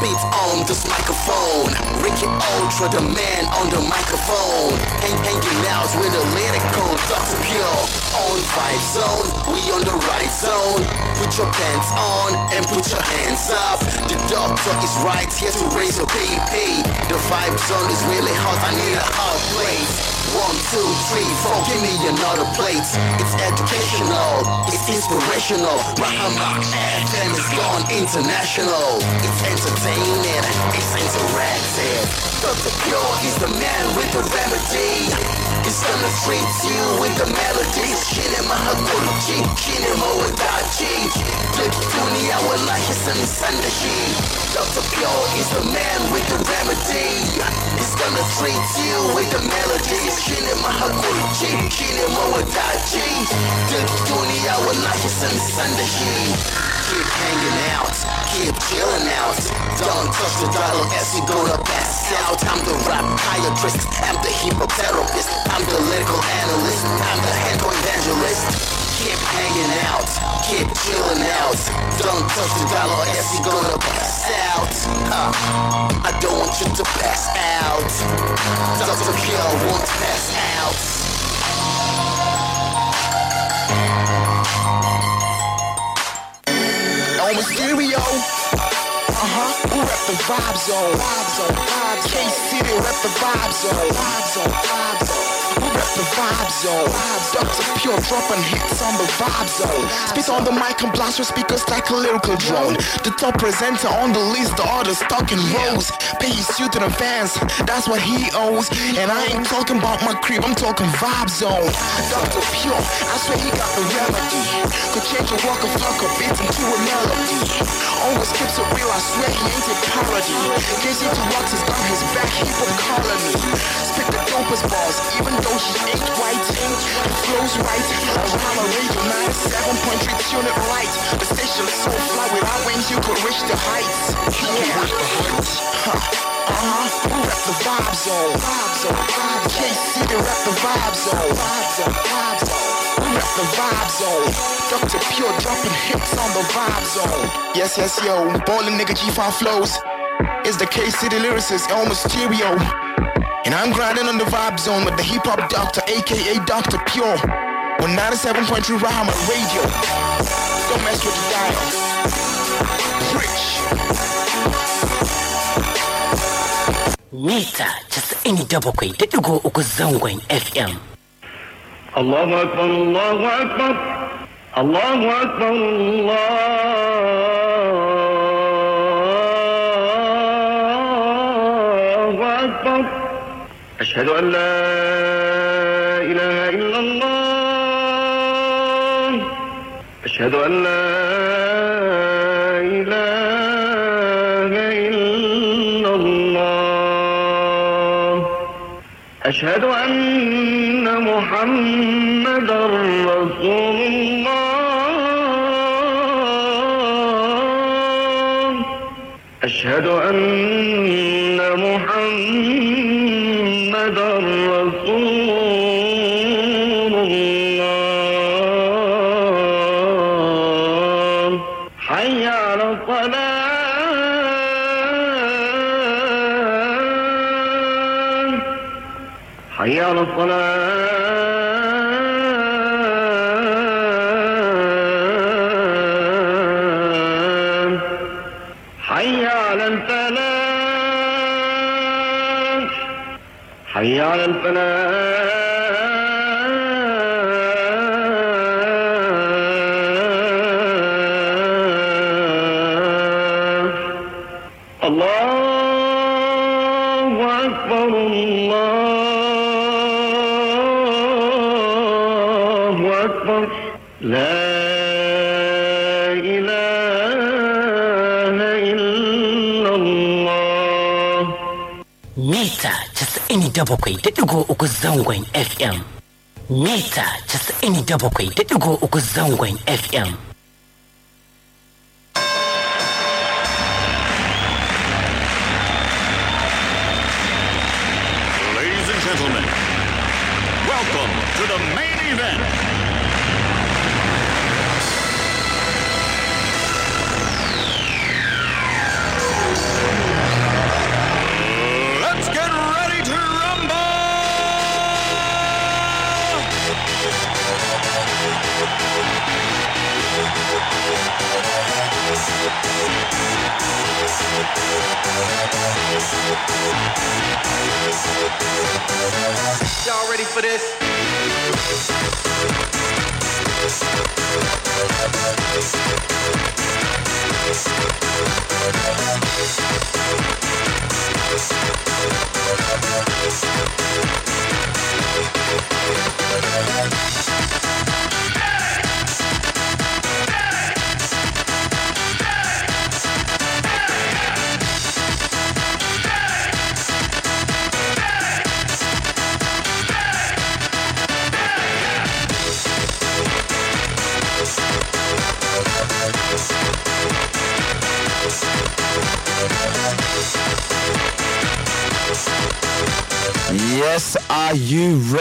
beats on this microphone. Ricky Ultra, the man on the microphone. Hang, hanging out with a lyrical Dr. Pure. On Vibe Zone, we on the right zone put your pants on and put your hands up. The doctor is right here to raise your BP. The vibe zone is really hot, I need a hot plate. One, two, three, four, give me another plate. It's educational, it's inspirational. and FM is gone international. It's entertaining, it's interactive. Dr. Pure is the man with the remedy. It's gonna treat you with the melody Kinema hakuluchi kinema wadachi Flip dunia wallahi sani sandashi Dr. Pure is the man with the remedy It's gonna treat you with the melody Kinema hakuluchi kinema wadachi Flip dunia wallahi sani sandashi Keep hanging out, keep chilling out don't touch the dollar as you gonna pass out I'm the psychiatrist I'm the hypnotherapist I'm the lyrical analyst I'm the head evangelist Keep hanging out, keep chilling out Don't touch the dollar as you gonna pass out uh, I don't want you to pass out Dr. Kill won't pass out on the stereo. Uh-huh. We rep the vibe zone. Vibe zone. Vibe zone. K-City rep the vibe zone. Vibe zone. Vibe zone the vibes, yo. Doctor pure, dropping hits on the vibes, yo. Spit on the mic and blast your speakers like a lyrical drone. The top presenter on the list, the stuck talking rose. Pay his suit the fans, that's what he owes. And I ain't talking about my crib, I'm talking vibes, yo. Dr. Pure, I swear he got the remedy. Could change a walk of talk a beat into a melody. Always keeps it real, I swear he ain't a parody. Casey to walks is on his back, he will colony. Spit the dopest balls, even though she ink white ink flows right around a radio 97.3 tune it right the station is so fly without wings you could reach the heights yeah huh. Uh-huh, we rep the vibe zone, oh. vibe zone, oh. vibe KC, rep the vibe zone, oh. vibe zone, vibe zone, we rep the vibe zone. Dr. Pure dropping hits on the vibe zone. Yes, yes, yo, ballin' nigga G5 flows. It's the KC, the lyricist, El Mysterio. And I'm grinding on the vibe zone with the hip hop doctor, aka Dr. Pure. On 97.3 Rahman Radio. Don't mess with the dial. Rich. Mita just any double quay. Did you go Okuzangwang FM? Allahu Akbar, Allahu Akbar, Allahu Akbar, Allah. أشهد أن لا إله إلا الله أشهد أن لا إله إلا الله أشهد أن محمدا 97.3 zangon FM. Mita 97.3 zangon FM.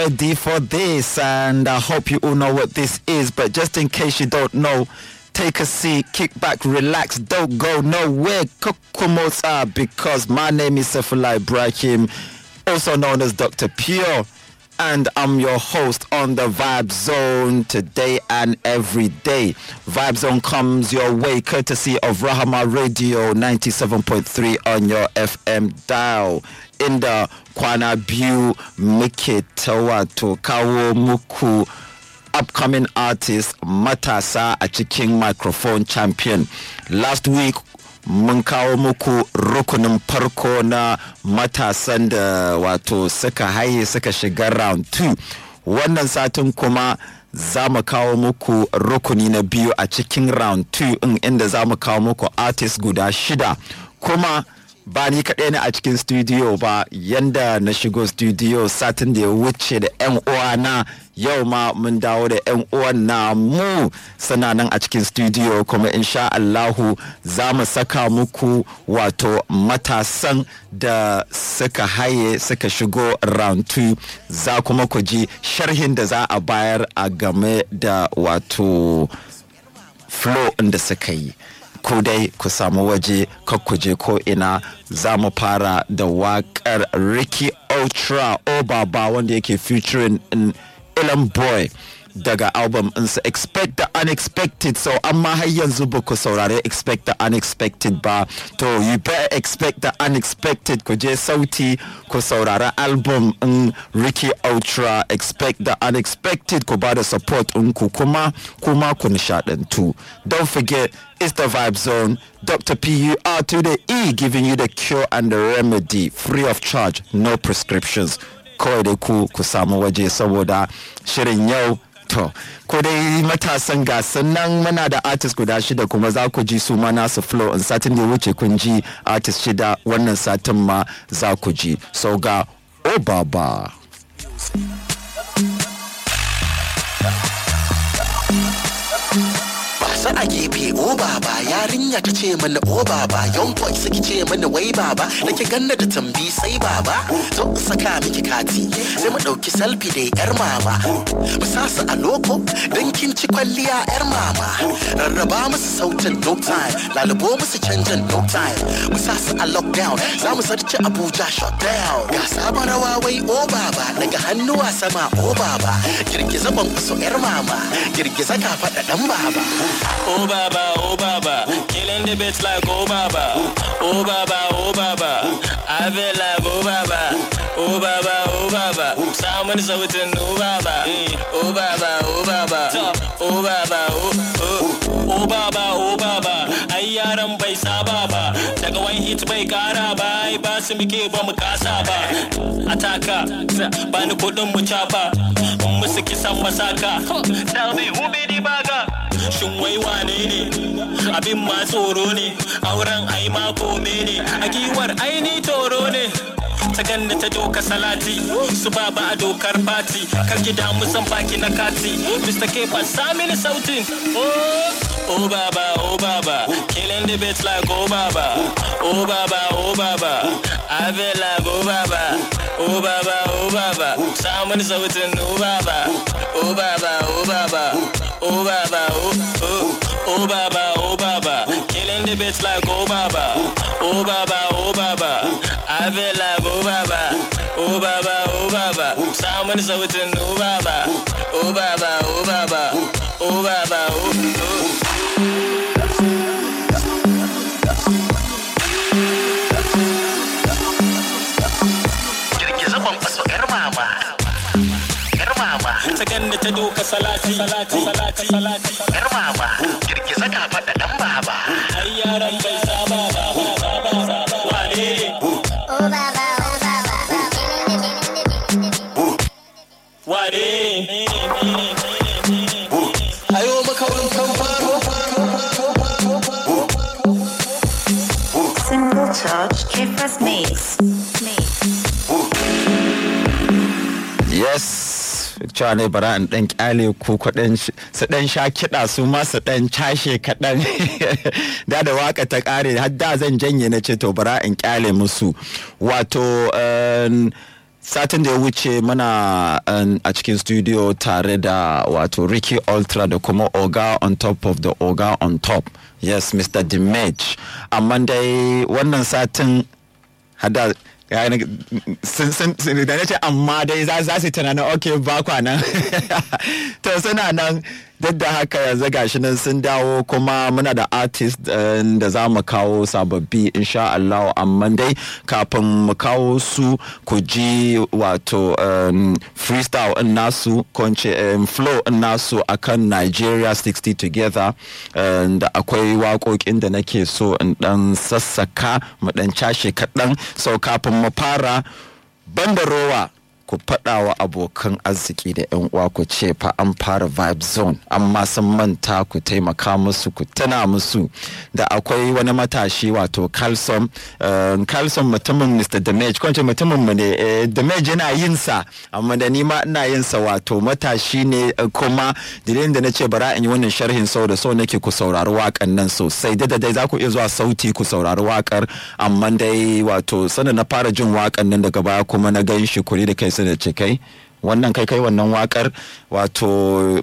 ready for this, and I hope you all know what this is. But just in case you don't know, take a seat, kick back, relax, don't go nowhere, Kokomota, because my name is Sefulai Ibrahim, also known as Dr. Pure, and I'm your host on the Vibe Zone today and every day. Vibe Zone comes your way courtesy of Rahama Radio 97.3 on your FM dial. inda kwana biyu muke ta wato kawo muku upcoming artist matasa a cikin microphone champion last week mun kawo muku rukunin farko na matasan da wato suka haye suka shiga round 2 wannan satin kuma za mu kawo muku rukuni na biyu a cikin round 2 in inda za mu kawo muku artist guda shida kuma ba ni kaɗai ne a cikin studio ba yanda na shigo studio satin da ya wuce da 'yan uwa na yau ma mun dawo da 'yan uwan na mu nan a cikin studio kuma insha Allahu za mu saka muku wato matasan da suka haye suka shigo round 2 za kuma ku ji sharhin da za a bayar a game da wato flow da suka yi. ku dai ku samu waje ku je ko ina za mu fara da waƙar Ricky Ultra Obaba wanda yake featuring Ilan Boy. daga album ɗinsu expect the unexpected so amma har yanzu saurare expect the unexpected ba to you better expect the unexpected ku je sauti ku saurari album ɗin Ricky Ultra expect the unexpected ku ba support unku kuma kuma ku nishaɗantu don't forget it's the Vibe Zone. Dr. PUR to the E giving you the cure and the remedy free of charge, no prescriptions. Kawai dai ku ku samu waje saboda shirin yau to ko dai matasan gasan nan muna da artist guda shida kuma za ku ji su ma nasu flow in satin da ya wuce kun ji artist shida wannan satin ma za ku ji so ga obaba. zaune a gefe o baba yarinya ta ce mana o baba yon boy suke ce mana wai baba nake ganna da tambi sai baba to saka miki kati sai mu ɗauki selfie da yar mama mu su a loko dan kin ci kwalliya yar mama rarraba musu sautin no time lalubo musu canjin no time mu su a lockdown za mu sarci abuja shutdown ga sabon rawa wai o baba daga hannuwa sama o baba girgiza ban yar mama girgiza ka kafaɗa dan baba oh baba, oh baba. Killing the bitch like oh baba, oh baba, oh baba. I feel like oh baba, oh baba, oh baba. Samun sautin oh baba, oh baba, oh baba, oh baba, oh, oh. oh baba, oh baba. Ai yaran bai saba ba, daga wani hit bai kara ba, basi ba su muke ba Ataka, ba ni kudin musu kisan masaka. Tell me who made the shin wai wane ne abin ma tsoro ne auren ai ma kome ne a giwar aini toro ne ta ganni ta doka salati su ba ba a dokar fati kan ki damu zan baki na kati mr k fassa mini sautin oh baba oh baba killing the bitch like oh baba oh baba oh baba i feel like oh baba oh baba oh baba samun sautin oh baba oh baba oh baba oh baba oh oh baba oh baba killing the bitch like oh baba oh baba oh baba I feel like oh baba, oh baba, oh baba. Someone is with oh baba, oh baba, oh baba, oh baba, oh. Sakan da ta doka salati, salati, salati, salati. Yar mama, girgiza ka faɗa ɗan baba. Ai yaran bai Yes, cewa ne bara in ɗan kyale ku kuɗin su ɗan sha kiɗa su ma su ɗan cashe kaɗan da da waka ta ƙare har da zan janye na ce to bara in kyale musu wato um, satin da ya wuce mana um, a cikin studio tare da wato ricky ultra da kuma oga on top of the oga on top yes mr dimage amma dai wannan satin hada da na ce amma dai za su tunanin ok ba kwanan to suna nan duk da haka yanzu gashi nan sun dawo kuma muna da artist eh, da za mu kawo sababbi insha Allah amma dai kafin mu kawo su ku ji wato freestyle in nasu kunce flow in nasu akan Nigeria 60 together da akwai waƙoƙin da nake so in dan sassaka mu dan cashe kaɗan sau kafin mu fara banda rowa ku faɗa wa abokan arziki da yan uwa ku ce fa an fara vibe zone amma sun manta ku taimaka musu ku tana musu da akwai wani matashi wato calcium eh, calcium mutumin mr damage kwanci mutumin mu ne eh, damage yana yin sa amma da ni ina yin sa wato matashi ne eh, kuma dalilin da na ce bara in yi wannan sharhin sau da sau nake ku saurari wakan nan sosai da dai za ku iya zuwa sauti ku saurari wakar amma dai wato sanin na fara jin wakan nan daga baya kuma na gan shi kuri da kai sene okay? wannan kai kai wannan wakar wato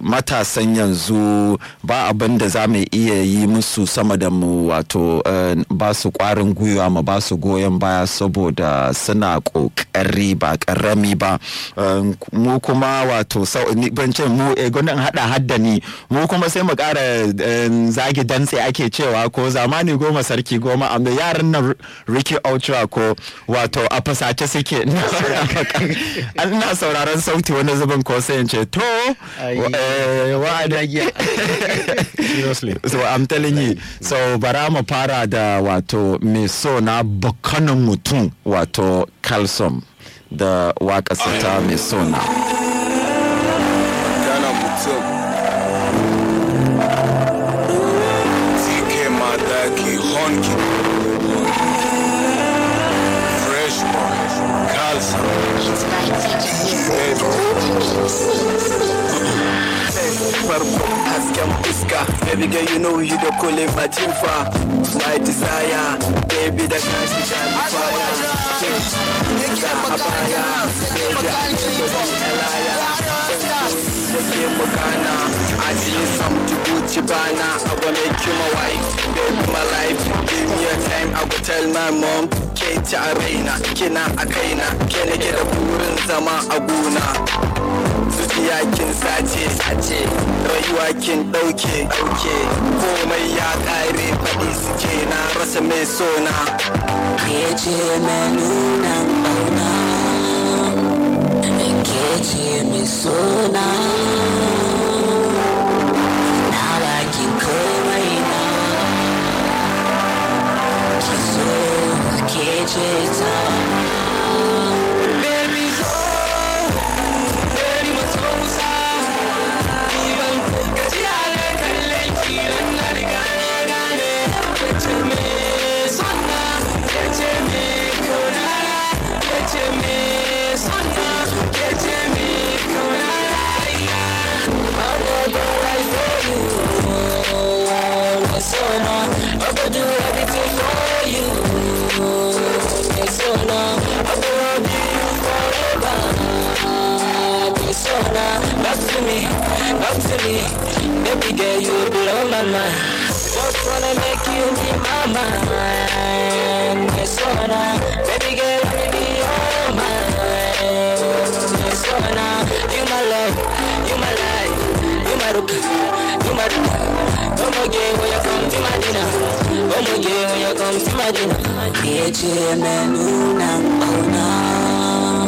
matasan yanzu ba abin da za mu iya yi musu sama da mu wato eh, ba su kwarin gwiwa mu ba su goyon baya saboda suna kokari ba karami ba eh, mu kuma wato ban ce mu eh, gudun hada hadda ni mu kuma sai mu kara zagi dantse ake cewa ko zamani goma sarki goma amma yaran nan Ricky Ultra ko wato a fasace suke ina sauraron sauti wani zubin ko sai ce to eh, dagiya so i'm telling you so bara mu fara da wato mai so na bakanin mutum wato calcium da waƙasa ta mai so na Baby girl, you know you don't call it my team My desire, baby, the kind she shine the fire. Nigga, I'm a I'm a liar. I see to Gucci banner. I will make you my wife call my mom ke ci a raina kina a kaina ke nake da burin zama a gona zuciya kin sace sace rayuwa kin dauke dauke komai ya kare faɗi suke na rasa mai sona ke ce mai nuna mauna ke ce mai sona 一起走。Baby girl, you blow my mind. Just wanna make you be my mind. Yes, wanna. Baby girl, you be all mine. Yes, wanna. You my love, you my life, you my rook, you my rook. Come again when you come to my dinner. Come again when you come to my dinner. Echimenuna,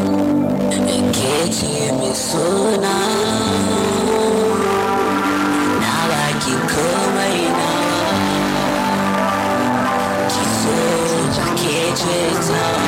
oh no. Echimisuna. chase out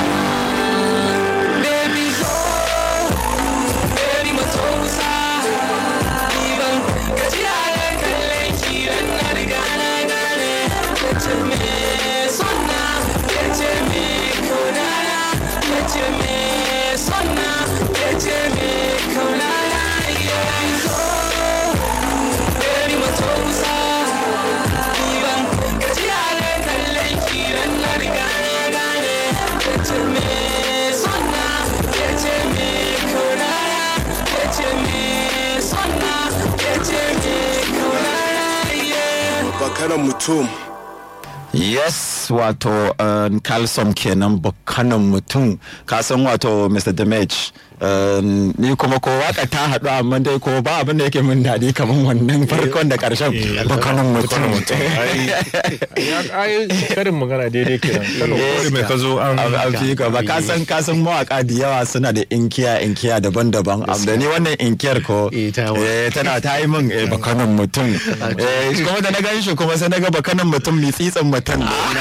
karan mutum yes wato uh, kalsom kenan bukanan mutum kasan wato mr damage ni kuma ko waka ta haɗu amma dai ko ba abin da yake min daɗi kamar wannan farkon da ƙarshen Bakanin mutum ai karin magana daidai kenan kawai mai ka zo an fi ka ka san ka san mawaka da yawa suna da inkiya inkiya daban-daban da ni wannan inkiyar ko tana ta yi min bakanin mutum kuma da na gan kuma sai ga bakanin mutum mai tsitsin mutum wala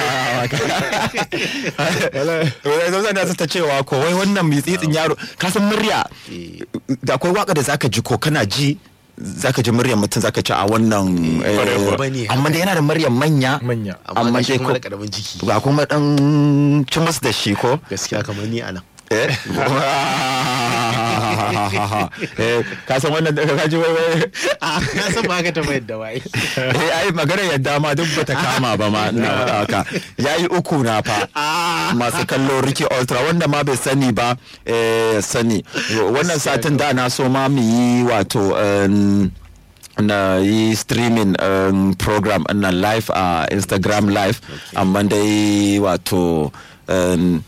ta ko wai wannan tsitsin yaro murya da akwai waka da zaka ji ko kana ji zaka ji muryar mutum zaka ci a wannan eh, amma da yana da muryar manya amma dai ko ba kuma dan cimus da shi ko gaskiya kamar ni anan Eh? eh ka san wannan da ka wai wai ka ah, san ba ka taba yadda wai eh ai magana yadda ma duk bata kama ba ma ina faɗa haka yayi uku na fa ah. masu kallo Ricky Ultra wanda ma bai sani ba eh, sani wannan satin da na so ma mu yi wato na yi streaming um, program na live a uh, instagram live amma dai wato um,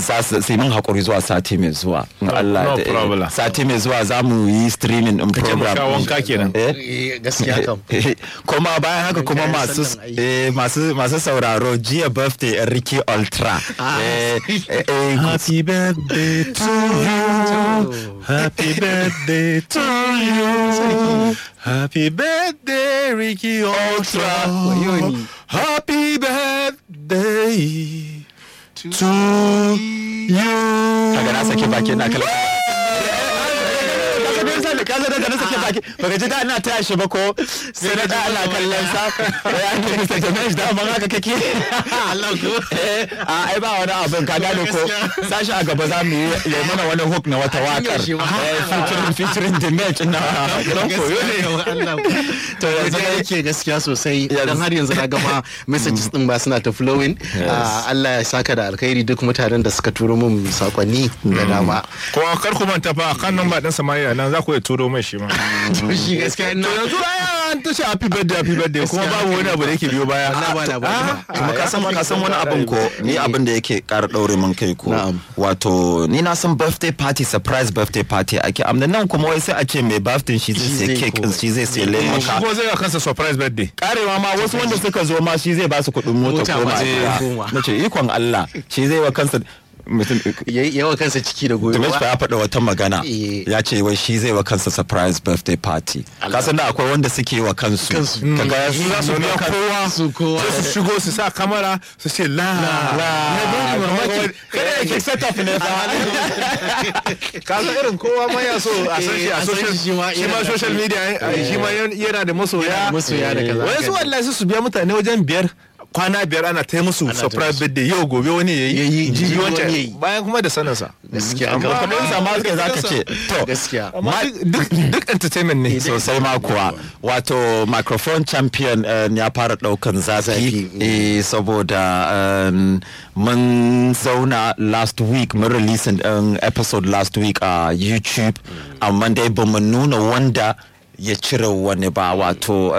sai mun hakuri zuwa sati mai zuwa No Allah da sati mai zuwa za mu yi streaming in um program ka wanka kenan eh? Eh, gaskiya kam eh, kuma bayan haka kuma masu masu masu sauraro jiya birthday Ricky Ultra ah. happy birthday to you happy birthday to you happy birthday Ricky Ultra happy birthday to you. Kaga na sake baki na kalma. ake baka ji da ina taya shi ba ko sai na da ana kallon sa ya ne Mr. Jamesh da haka kake Allah ku eh ai ba wani abin ka gane ko sashi a gaba za mu yi ya mana wani hook na wata wakar eh, featuring featuring the match na don koyo ne to yanzu da yake gaskiya sosai dan har yanzu na gama messages din ba suna ta flowing ah, Allah ya saka da alkhairi duk mutanen da suka turo mun sakonni da hmm. dama ko kar ku manta fa kan nan ba dan samariya nan za ku iya turo mai shi ma to mm. shi gaskiya na yanzu ai an tashi happy birthday happy birthday kuma babu wani abu da yake biyo baya kuma ka san ka san wani abin ko ni abin da yake ƙara daure min kai ko wato ni na san birthday party surprise birthday party ake amma nan kuma wai sai a ce mai birthday shi zai sai cake shi zai sai lemon ka ko zai kansa surprise birthday karewa ma wasu wanda suka zo ma shi zai ba su kuɗin mota ko ma na ce ikon Allah shi zai wa kansa yawa kansa ciki da goyo Tumis ya faɗa wata magana eh. ya ce wai shi zai wa kansa surprise birthday party kasan da akwai wanda suke wa kansu kaga hmm. su za su biya kowa su shigo su sa kamera su ce la la kada set up ne fa irin kowa ma ya so a san shi a eh, social shi ma social media shi ma yana da eh, masoya masoya da kaza wai su wallahi su biya mutane wajen biyar kwana biyar ana ta musu surprise birthday yau gobe wani ya yi jibi wancan bayan kuma da sanansa gaskiya amma kudin sa ma suka zaka ce to gaskiya duk entertainment ne eh, sosai ma kuwa wato microphone champion eh, ya fara daukan zazaki eh. saboda mun zauna last week mun release an episode last week a youtube mm. amma dai ba mu nuna wanda ya cire wani ba wato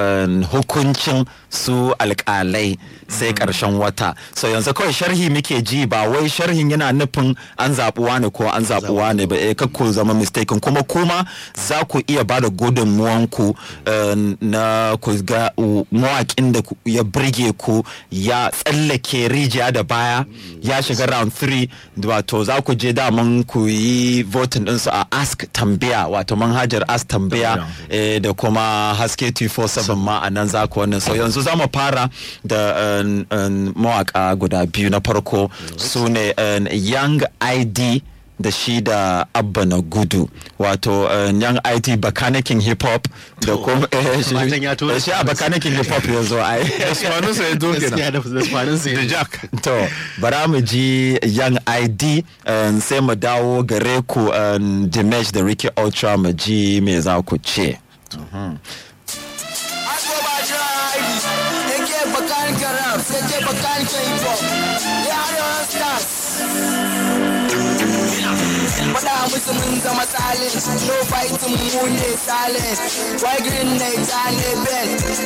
hukuncin su alƙalai sai ƙarshen wata so yanzu kawai sharhi muke ji ba wai sharhin yana nufin an zaɓuwa ne ko an zaɓuwa ne ba eh kakku zama mistaken kuma kuma za ku iya ba da gudunmuwanku eh, na ku ga mawaƙin da ya birge ku ya tsallake rijiya da baya ya shiga round 3 wato za ku je daman ku yi voting ɗinsu a ask tambaya wato manhajar ask tambaya eh, da kuma haske 247 ma a za ku wannan yanzu za mu fara da um, um, mawaka guda biyu na farko su ne um, young id da shi da abba na gudu wato uh, young it bakanikin hip hop da kuma eh, shi a bakanikin hip hop ya zo ai da ya doge na da jack to bara mu ji young id sai mu dawo gare ku um, dimesh da ricky ultra mu ji me za ku ce mhm. musu mun zama silence no fight mu they silent why green ne tane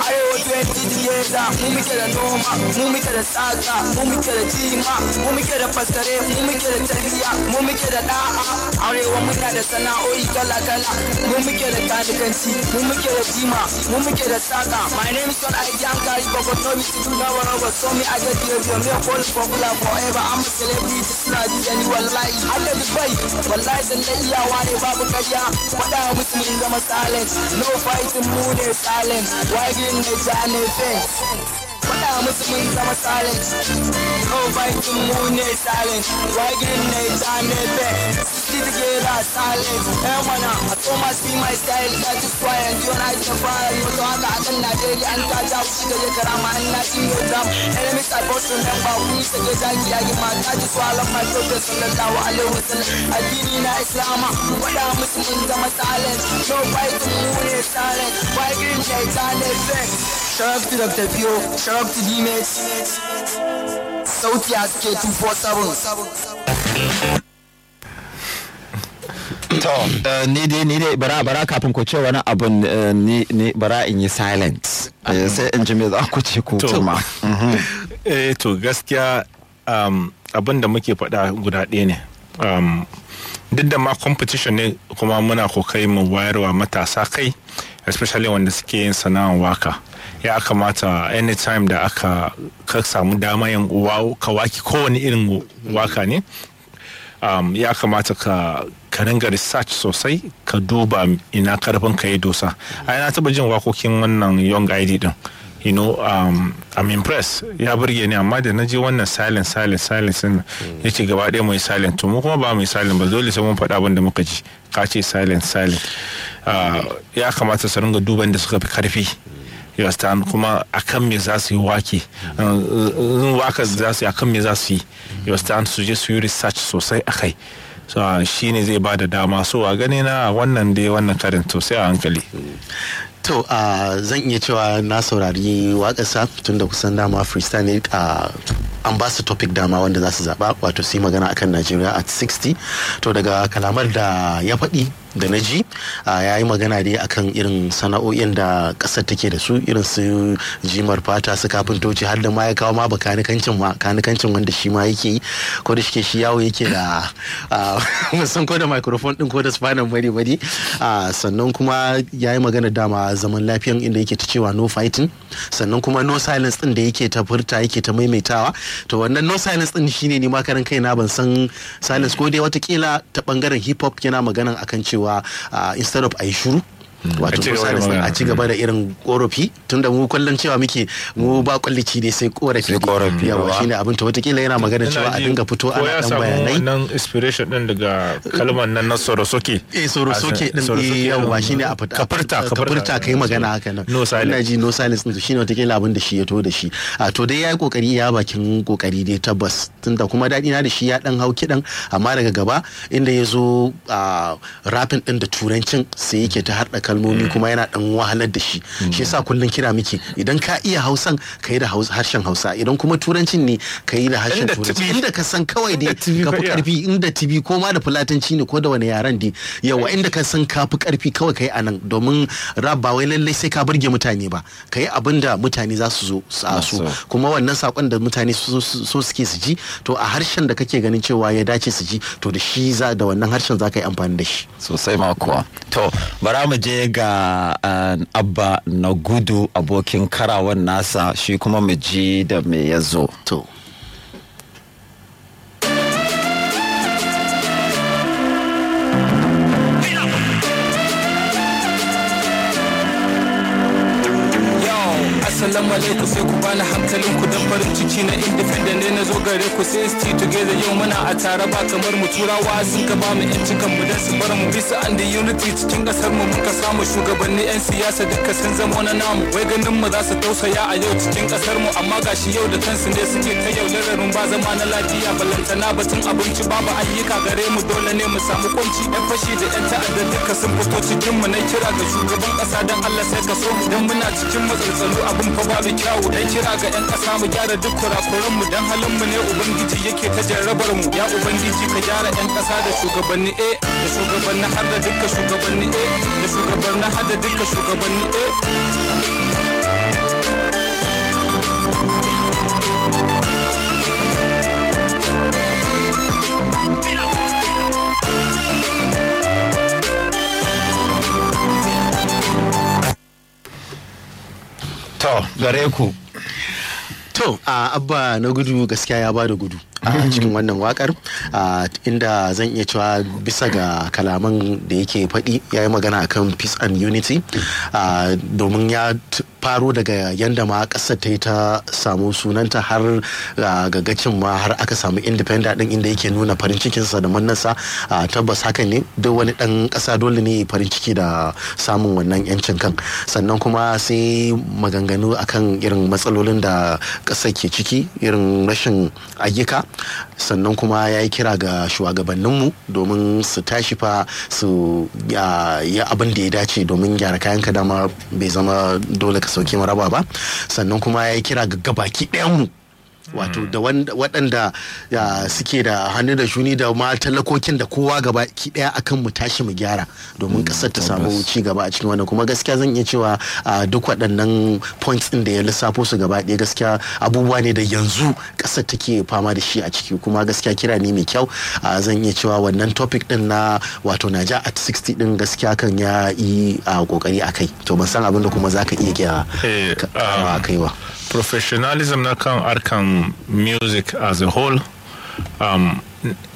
I owe 20 years mu muke da noma mu muke to the mu muke da jima mu muke da faskare mu muke da tarbiyya mu muke da da'a arewa muna da sana'o'i kala kala mu muke da talikanci mu muke da jima mu muke da tsaka my name is not Ijan Kari but know me to do now what I was so me I get the me a call popular forever I'm a celebrity it's not any life. I love the fight wallahi sun na you ne babu karya faɗa musu mun zama silence. no fighting mu ne silence. why didn't they am I faɗa musu mun zama silent kawai mu ne silent wagen ne ta ne be see the girl are silent eh mana I so much be my style that is why and you and I can fire you to haka a kan Najeriya an ka ja shi da jekara ma an na shi ne drum enemies are both remember we used to get jaki not gima ta ji swallow my progress sallallahu alaihi wasallam addini am islama faɗa musu mun zama silent kawai mu ne silent wagen ne ta ne be Shout out to Dr. Pio, shout out to DMX, Sauti Aske 247. to eh, ni dai ni dai bara bara kafin ku ce wani abu eh, ni ni bara in yi silent eh, sai in ji me za ku ce ko kuma mhm. eh to gaskiya um, abin da muke faɗa guda ɗaya ne um, duk da ma competition ne kuma muna kokari mu wayarwa matasa kai especially wanda suke yin sana'an waka ya kamata anytime da aka ka samu dama yin ka waki kowane irin waka ne um, ya kamata ka ka ringa research sosai ka duba ina karfin ka yi dosa a yana taba jin wakokin wannan young id din you know um, I'm impressed ya burge ni amma da na je wannan silent silent silent sun ya ce gaba ɗaya mai silent to mu kuma ba mai silent ba dole sai mun faɗa abin da muka ji ka ce silent silent uh, ya kamata su ringa duban da suka fi karfi ya stand kuma akan me za su yi wake uh, in waka za su yi akan me za su yi ya stand su je su yi research sosai akai uh, shi shine zai ba da dama so a gani na wannan dai wannan karin to sai a hankali to zan iya cewa na saurari waƙasa tun da kusan dama freestyle ne an ba su topic dama wanda za su zaɓa wato su yi magana akan najeriya at 60 to daga kalamar da ya faɗi da na ji ya yi magana dai akan irin sana'o'in da ƙasar take da su irin su jimar fata su kafintoci har da ma ya kawo ma ba kanikancin ma kanikancin wanda shi ma yake yi ko da shike shi yawo yake da musan ko da microphone din ko da spinal bari bari sannan kuma ya yi magana dama zaman lafiyan inda yake ta cewa no fighting sannan kuma no silence din da yake ta furta yake ta maimaitawa to wannan no silence din shine ni ma karan kaina ban san silence ko dai watakila ta bangaren hip hop yana maganan akan cewa cewa ah, instead of a yi shuru wato a ci gaba da irin korafi tunda mu kullum cewa muke mu ba kwallici ne sai korafi yawa shine abin ta watakila yana magana cewa a dinga fito ana dan bayanai nan inspiration din daga kalmar nan na sorosoke eh sorosoke din eh, yawa shine a fita kafirta kafirta kai magana haka nan no silence ina ji no silence din shine watakila abin da shi ya to da shi a to dai yayi kokari ya bakin kokari dai tabbas tunda kuma dadi na da shi ya dan hau kidan amma daga gaba inda ya zo a din da turancin sai yake ta harɗa kalmomi mm. kuma yana dan wahalar da shi mm. shi yasa kullun kira miki idan ka iya hausan ka yi da harshen hausa idan kuma turancin ne ka yi da harshen turanci inda ka san kawai da ka fi karfi inda tibi ko ma da fulatanci ne ko da wani yaren dai yawa inda ka san ka fi karfi kawai ka yi anan domin rab ba wai lallai sai ka burge mutane ba ka yi abin da mutane za su zo su asu kuma wannan sakon da mutane so suke su ji to a harshen da kake ganin cewa ya dace su ji to da shi za da wannan harshen za ka yi amfani da shi sosai ma kuwa to bara mu je ne ga eh, abba na gudu abokin karawan nasa shi kuma mu ji da me ya to alaikum sai ku bani hankalin ku don farin ciki na independent ne na zo gare ku sai stay together yau muna a tare ba kamar mu turawa sun ka ba mu yancin mu dan su bar mu bisa and the unity cikin kasar mu muka samu shugabanni yan siyasa duka sun zama na namu wai ganin mu za su tausaya a yau cikin kasar mu amma gashi yau da kansu ne suke ta yau lararin ba zama na lafiya balantana batun abinci babu ayyuka gare mu dole ne mu samu kwanci yan fashi da yan ta'adda duka sun fito cikin mu na kira ga shugaban kasa dan Allah sai ka so dan muna cikin matsaltsalu abin fa ba babu kyawu dan kira ga yan ƙasa mu gyara duk kurakuran mu dan halin mu ne ubangiji yake ta jarrabar mu ya ubangiji ka gyara yan ƙasa da shugabanni A eh, da shugabanni har da dukkan shugabanni A eh, da shugabanni har da dukkan shugabanni A. Eh. to gare ku to abba na gudu gaskiya ya bada gudu a cikin wannan wakar inda zan iya cewa bisa ga kalaman da yake faɗi ya yi magana akan peace and unity domin ya faro daga yanda ma kasar ta yi ta samu sunanta har gagacin ma har aka samu independent din inda yake nuna farin cikinsa da mannansa tabbas hakan ne duk wani dan kasa dole ne farin ciki da samun wannan yancin kan sannan kuma sai maganganu akan irin matsalolin da kasar ke ciki irin rashin ayyuka sannan kuma ya yi kira ga shugabanninmu domin su tashi fa su yi abin da ya dace domin gyara kayan ka dama bai zama dole ka sauke maraba ba sannan kuma ya yi kira ga gabaki ɗayan mu wato hmm. da waɗanda suke da hannu da shuni da ma talakokin da kowa gaba ki ɗaya akan mu tashi mu gyara domin hmm, ƙasar ta samu ci gaba a cikin wannan kuma gaskiya zan iya cewa duk waɗannan points ɗin da ya lissafo su gaba ɗaya gaskiya abubuwa ne da yanzu ƙasar take fama da shi a ciki kuma gaskiya kira ne mai kyau zan iya cewa wannan topic ɗin na wato naja at 60 ɗin gaskiya kan ya yi kokari a kai to ban san abin da kuma zaka ka iya gyara eh, a um, kai professionalism na kan arkan music as a whole um,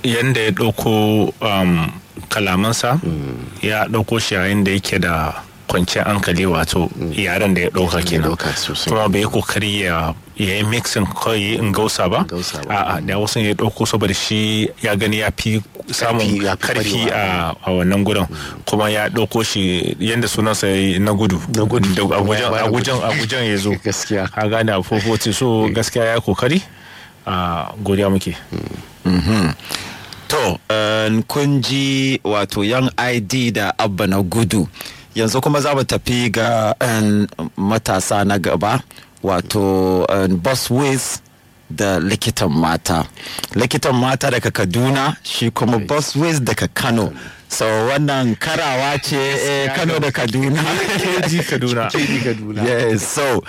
yadda ya ɗauko um, kalamansa mm. ya ɗauko shi yayin da yake da kwanciyar hankali wato mm. yaren da ya ɗauka kenan kuma bai kokari ya ya yi mixin kawai in gausa ba a'a da wasu ya dauko saboda shi ya gani ya fi samun karfi a wannan gudun mm. kuma ya dauko shi yadda sunansa na gudu a a agujan ya zo a gane a fofoti so eh. gaskiya ya kokari a godiya muke mm. mm-hmm. to um, kun ji wato yan id da abba na gudu yanzu kuma za mu tafi ga um, matasa na gaba wato eh, busways da likitan mata likitan mata daga kaduna shi kuma busways daga kano so wannan karawa ce eh, kano da kaduna keji kaduna kaduna yes so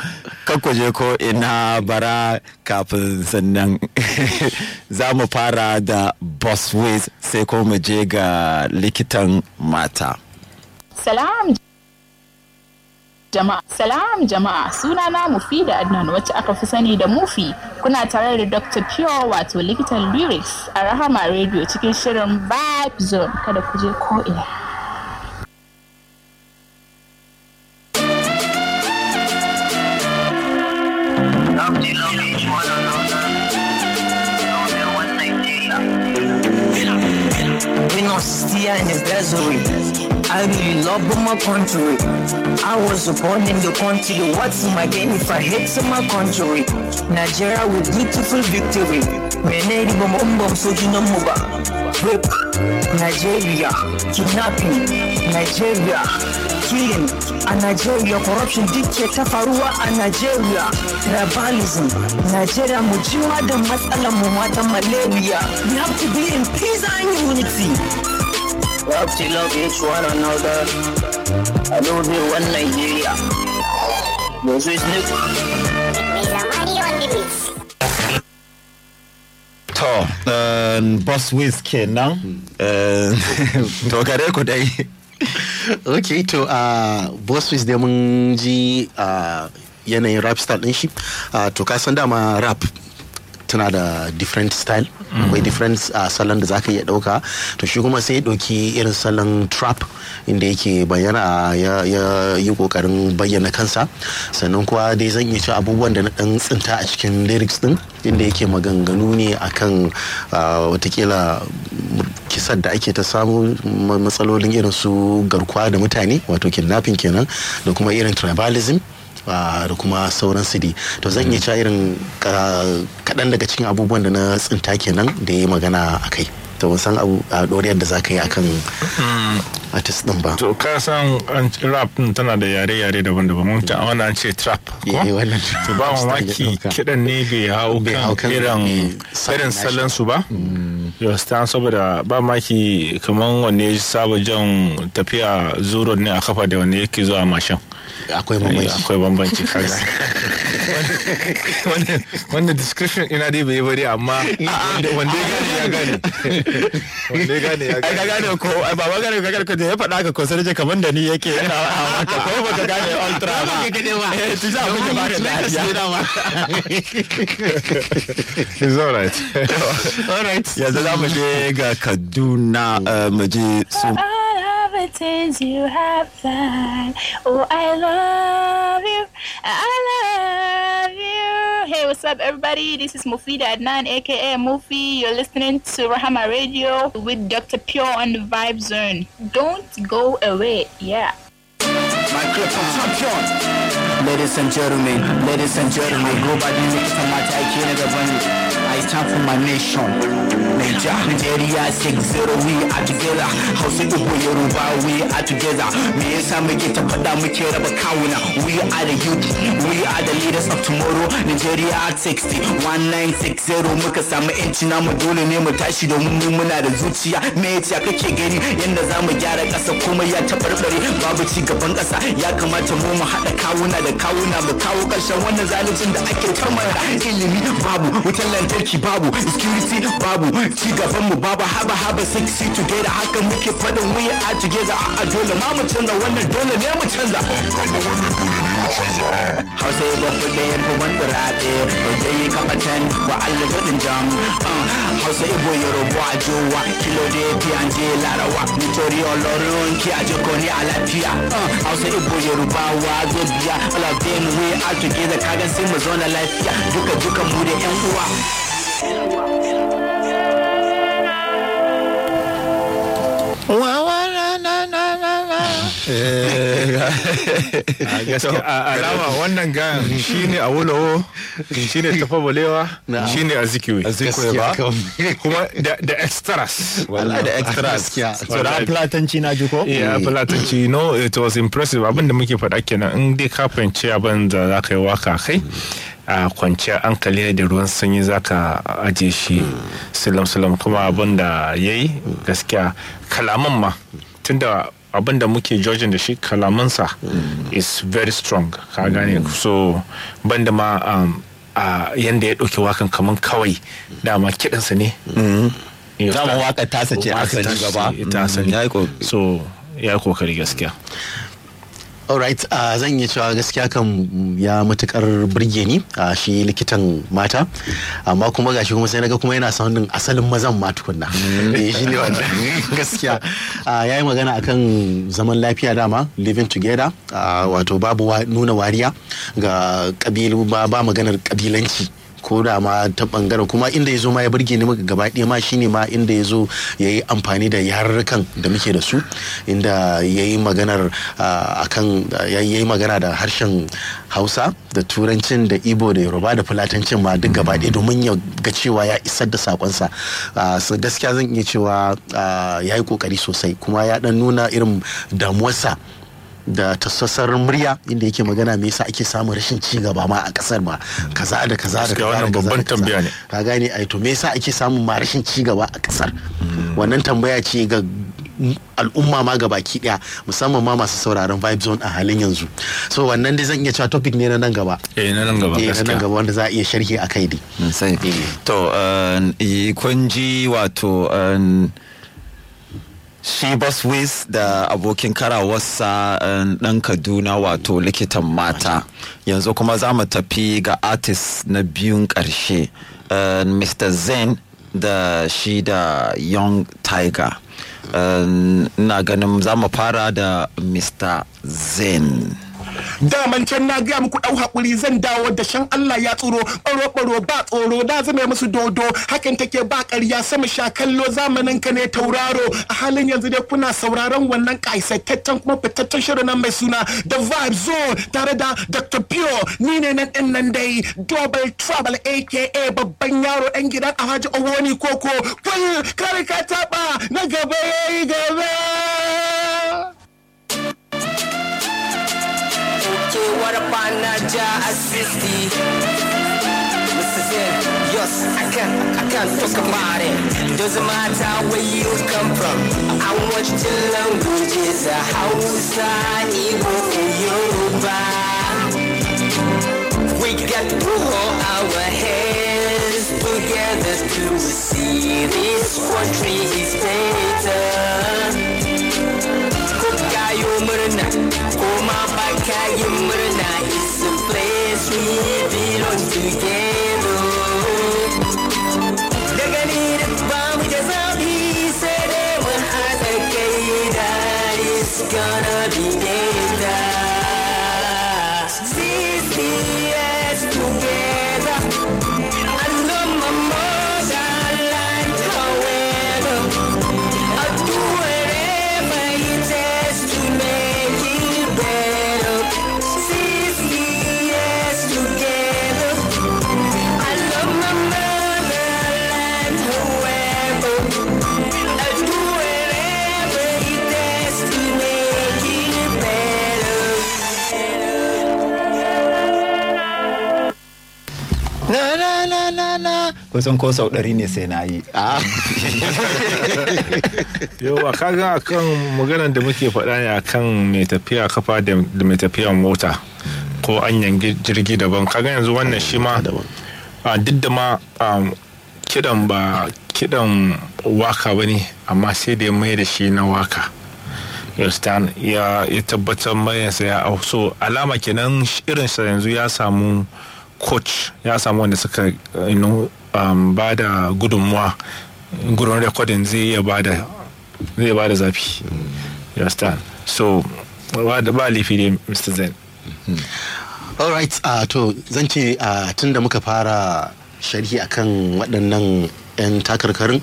kakko je ko ina bara kafin sannan za mu fara da busways sai kuma mu je ga likitan mata salam Jama'a salam jama'a suna na Mufi da Adnan wacce aka fi sani da Mufi kuna tare da Dr. Pure wato likitan lyrics a Rahama Radio cikin shirin Vibe Zone kada ku je ko ina. in his desert I really love my country. I was born in the country. What's my game if I hate my country? Nigeria with beautiful victory. Meneri bombom sojina muba. Rape. Nigeria. Kidnapping. Nigeria. Killing. A Nigeria. Corruption. Dictator faruwa a Nigeria. Tribalism. Nigeria Mujima da matsalar mu malaria. We have to be in peace and unity. Love to love each one another. I know they one Nigeria. This is new. To, um, boss with kenan. Um, to gare ku dai. ok to uh, boss with da mun ji uh, yanayin rap style din shi. Uh, to kasan dama rap tana da different style akwai different ah, salon da za ka iya dauka to shi kuma sai ya irin salon trap inda yake bayyana ah, ya yi kokarin bayyana kansa sannan kuwa dai zan iya ci abubuwan da na dan tsinta a cikin lyrics din inda yake maganganu ne akan ah, watakila kisar da ake ta samu matsalolin irin su garkuwa da mutane wato kidnapping kenan da kuma irin tribalism da kuma sauran su dai to zan iya mm. cewa irin kaɗan daga cikin abubuwan da na tsinta kenan da ya yi magana a kai to ban san abu a doriyar da za ka yi akan mm. artist din ba to ka san an rap din tana da yare-yare daban-daban mun ta wannan an ce trap ko eh, eh, to ba mamaki kidan ne bai hau kan irin eh, irin salon su ba mm. ya stan saboda ba maki kaman wanne saba jan tafiya zuro ne a kafa da wanne yake zuwa mashin akwai bambanci eh, akwai bambanci kaga wanda description ina dai bai bari amma wanda ya gane ya gane wanda ya gane ya gane ka gane ko ba ba gane ka gane ko ya faɗa ka kusa da kaman da ni yake yana haka ko ba ka gane ultra ba ka gane ba eh ti za mu ba ka da ba It's all right all right Ya za mu je ga Kaduna eh, mu je su ah! you have Oh, I love you. I love you. Hey, what's up, everybody? This is Mufida Adnan, aka Mufi. You're listening to Rahama Radio with Dr. Pure on the Vibe Zone. Don't go away. Yeah. Ladies and gentlemen, ladies and gentlemen, I go by the name of my Taikina Gavani. I stand for my nation. Niger, Nigeria, 60, we are together. Hausa, Ubu, Yoruba, we are together. Me and get yasa muke down faɗa muke raba kawuna. We are the youth, we are the leaders of tomorrow. Nigeria 60, 1960 muka samu yanci namu dole ne mu tashi domin mu muna da zuciya. Me yace kake gani yanda za mu gyara ƙasa komai ya tabarbare babu ci gaban ƙasa ya kamata mu mu haɗa kawuna da kawuna mu kawo ƙarshen wannan zaluncin da ake ta mana ilimi babu wutar lantarki babu security babu ci gaban mu babu haba haba sexy together haka muke faɗin we are together a dole ma mu canza wannan dole ne mu canza wannan dole Hausa babba da yarba wanda raɗe ba zai yi kamatan wa Allah gudun jam Hausa Igbo Yoruba Ajowa Kilode Pianje Larawa nítorí Ọlọ́run kí àjọkọ ní àlàáfíà Hausa Igbo Yoruba wa Zobia all of them we are together kagan sai mu zauna lafiya duka duka mu da 'yan uwa. Eh, alama wannan gayan ne a wulawo ne tafa balewa ne a zikiwe ba kuma da extras wala da extras so da platanci na juko ya eh. platanci no it was impressive abinda muke faɗa kenan in dai kafin fahimci abin da za ka yi waka kai a an hankali da ruwan sanyi za ka aje shi hmm. silam-silam kuma abin da ya yi gaskiya kalaman ma tunda abin da muke judging da shi kalamansa mm. is very strong ka gane mm. so banda ma um, a yanda ya ɗauki wakan kaman kawai dama kiɗansa ne mm. dama waka tasa ce asali gaba ya yi kokari gaskiya alright uh, zan yi cewa gaskiya kan ya matukar birge ni uh, shi likitan mata amma uh, kuma gashi kuma sai naga kuma yana sanin asalin mazan ma tukunna mm. eh, shi ne wanda gaskiya uh, ya yi magana akan zaman lafiya dama living together uh, wato babu wa, nuna wariya ga kabilu ba, ba maganar kabilanci ko da ma ta bangaren kuma inda ya zo ma ya burge ni muka gaba ɗaya ma shine ma inda ya zo ya yi amfani da yarurrukan da muke da su inda ya yi maganar akan ya yi magana da harshen hausa da turancin da ibo da yoruba da fulatancin ma duk gaba ɗaya domin ya ga cewa ya isar da sakonsa gaskiya zan iya cewa ya yi kokari sosai kuma ya ɗan nuna irin damuwarsa da tasassar murya inda yake magana me yasa ake samun rashin ci gaba ma a kasar ma kaza da kaza da kaza wannan babban tambaya ne ka gane ai to me yasa ake samun ma rashin ci gaba a kasar wannan tambaya ce ga al'umma ma gabaki daya musamman ma masu sauraron vibe zone a halin yanzu so wannan dai zan iya cewa topic ne na nan gaba eh na nan gaba eh, na nan gaba wanda za a iya sharhi akai dai eh. to eh, kun ji wato shi Boswis da abokin karawarsa eh, ɗan Kaduna wato likitan mata. Yanzu kuma za mu tafi ga artist na biyun ƙarshe eh, Mr. Zen da shi da Young Tiger. Eh, ina ganin za mu fara da Mr. Zen. daman can na gaya muku dau hakuri zan dawo da shan Allah ya tsoro baro baro ba tsoro da zame musu dodo hakan take ba ƙarya sama sha kallo zamanin ka ne tauraro a halin yanzu dai kuna sauraron wannan ƙaisaitaccen kuma fitaccen shirin nan mai suna da Vibe Zone tare da Dr. pio ni ne nan ɗin nan dai Double Trouble aka babban yaro ɗan gidan Alhaji Owoni Koko kwai kar ka taɓa na gaba yayi gaba. What a Mrs. N, yes, I can't, I can't talk about it Doesn't matter where you come from I want Is the languages Hausa, Igbo, and Yoruba We got to hold our hands together to see this country is better 만박하게 물어나 있어 플레이스 위에 비론 두개 kusan ko sau ɗari ne sai na yi ah. yawa kaga akan maganar da muke faɗa ne akan mai tafiya kafa da mai tafiya mota ko anyan jirgi daban kaga yanzu wannan shi ma ah, duk da ma ah, kidan ba kidan waka ba ne amma sai da ya mai da shi na waka Yostan ya tabbatar mayansa ya so alama kenan irinsa yanzu ya samu coach ya samu wanda suka eh, Um, ba da gudunmuwa gurin rekodin zai iya ba da zafi ya understand so ba laifi ne mr zen hmm. alright uh, to zan ce uh, tun da muka fara sharhi akan waɗannan 'yan takarkarin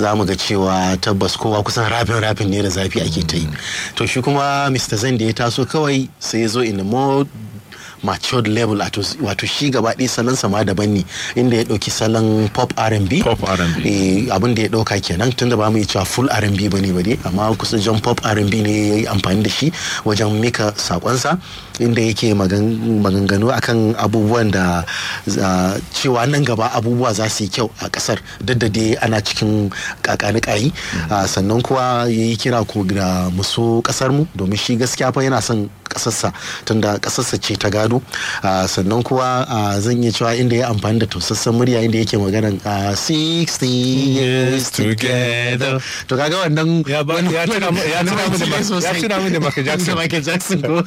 za mu ga cewa tabbas kowa kusan rafin rafin ne da zafi ake ta yi hmm. to shi kuma mr zen da ya taso kawai sai ya zo in the mode matured level wato shi gaba ɗaya salon sama daban ne inda ya ɗauki salon pop R&B pop R&B eh, ya ɗauka kenan tun da ba mu yi cewa full R&B bane ba ne amma kusa jan pop R&B ne ya yi amfani da shi wajen mika sakonsa inda yake maganganu akan abubuwan da cewa nan gaba abubuwa za su yi kyau a kasar daddade ana cikin kakani kayi mm. sannan kuwa ya yi kira ko da muso kasarmu domin shi gaskiya fa yana son kasarsa tunda kasarsa ce ta gado sannan kuwa zan iya cewa inda ya amfani da tausassan murya inda yake a 60 years together to kaga wannan ya tuna mu da Michael Jackson ko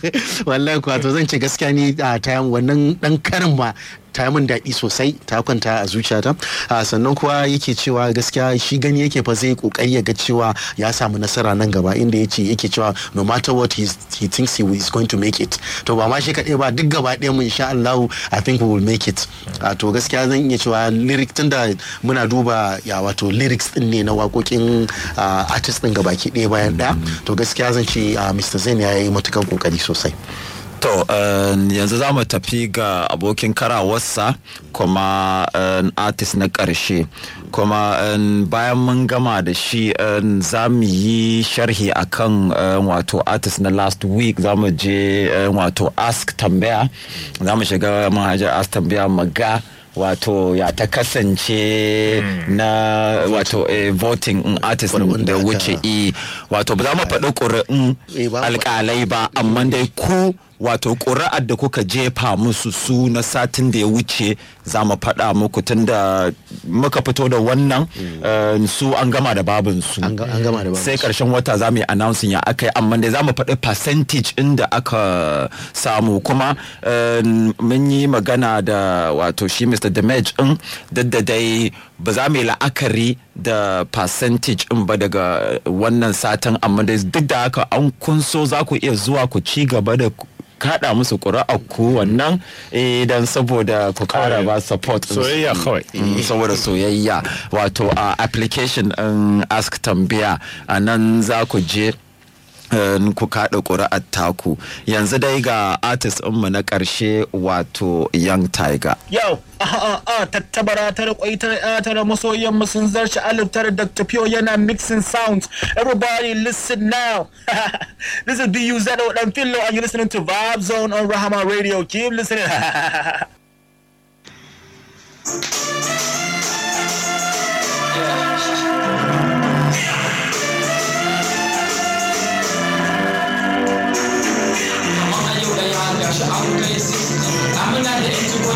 kuwa to zan ce gaskiya ni a tayan wannan dan karin ma ta min daɗi sosai ta kwanta a zuciyata a sannan kuwa yake cewa gaskiya shi gani yake fa zai kokari ya ga cewa ya samu nasara nan gaba inda yace yake cewa no matter what he, he thinks he is going to make it to ba ma shi kaɗai ba duk gaba ɗaya mu insha Allah I think we will make it to gaskiya zan iya cewa lyric tunda muna duba ya wato lyrics din ne na waƙoƙin artist din gabaki ɗaya bayan ɗaya to gaskiya zan ce Mr. Zain ya yi matukar kokari sosai. To eh, yanzu za mu tafi ga abokin karawarsa kuma eh, artist na ƙarshe kuma eh, bayan mun gama da shi za mu yi sharhi akan wato artist na last week za mu je wato ask tambaya za mu shiga manhajar ask tambaya maga wato ya ta kasance hmm. na wato voting in artist da wuce e wato ba za mu faɗi ƙuri'un e, alƙalai ba amma dai ku wato ƙuri'ar da kuka jefa musu su na satin da ya wuce za mu faɗa muku tun da muka fito da wannan eh, su an gama da babin su sai karshen wata za mu yi announcing ya aka yi amma da za mu faɗi percentage inda aka samu kuma eh, mun yi magana da wato shi mr damage in da dai ba za mu yi la'akari da percentage in ba daga wannan satin amma duk da haka an kunso za ku iya zuwa ku ci gaba da kada musu ƙuri'ar ku wannan idan eh, saboda ku kara ba support soyayya kawai mm, mm, saboda soyayya wato a application in ask tambaya a nan za ku je Eh, ku kaɗa ƙuri'ar taku yanzu dai ga artist mu na ƙarshe wato young tiger yau a a tattabara tara kwai tara tara masoyan mu sun zarce alif tara dr pio yana mixing sounds everybody listen now this is DUZ dan filo and you listening to vibe zone on rahama radio keep listening yeah.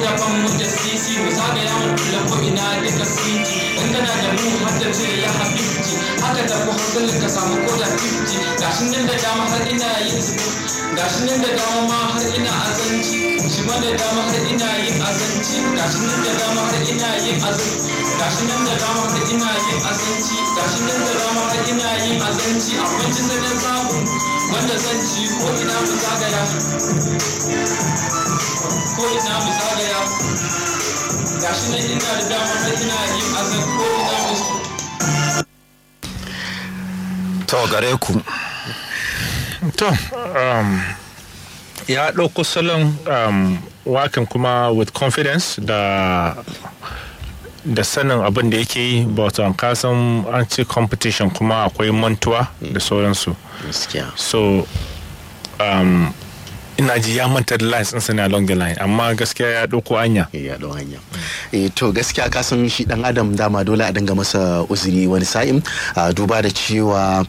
tallafan mu da sisi mu zagaya mu kula ko ina in kana da mu hadda ce ya habibci haka da ku hankalin ka samu ko da fifti gashin nan da dama har ina yin nan da dama ma har ina azanci shi ma da dama har ina yin azanci nan da dama har ina yin azanci nan da dama har ina yin azanci nan da dama har ina yin azanci samu wanda zan ci ko ina mu zagaya ko ina mu zagaya nan ina damar ina yin ko ina mu to gare ku to um, ya ɗauko salon um, wakan kuma with confidence da da sanin abin da yake yi but an um, kasan an ce competition kuma akwai mantuwa da sauransu so um, ina ji ya manta da lines din ne along the line amma gaskiya ya ɗauko hanya eh, ya doko hanya eh to gaskiya ka san shi dan adam dama dole a dinga masa uzuri wani sa'in duba da cewa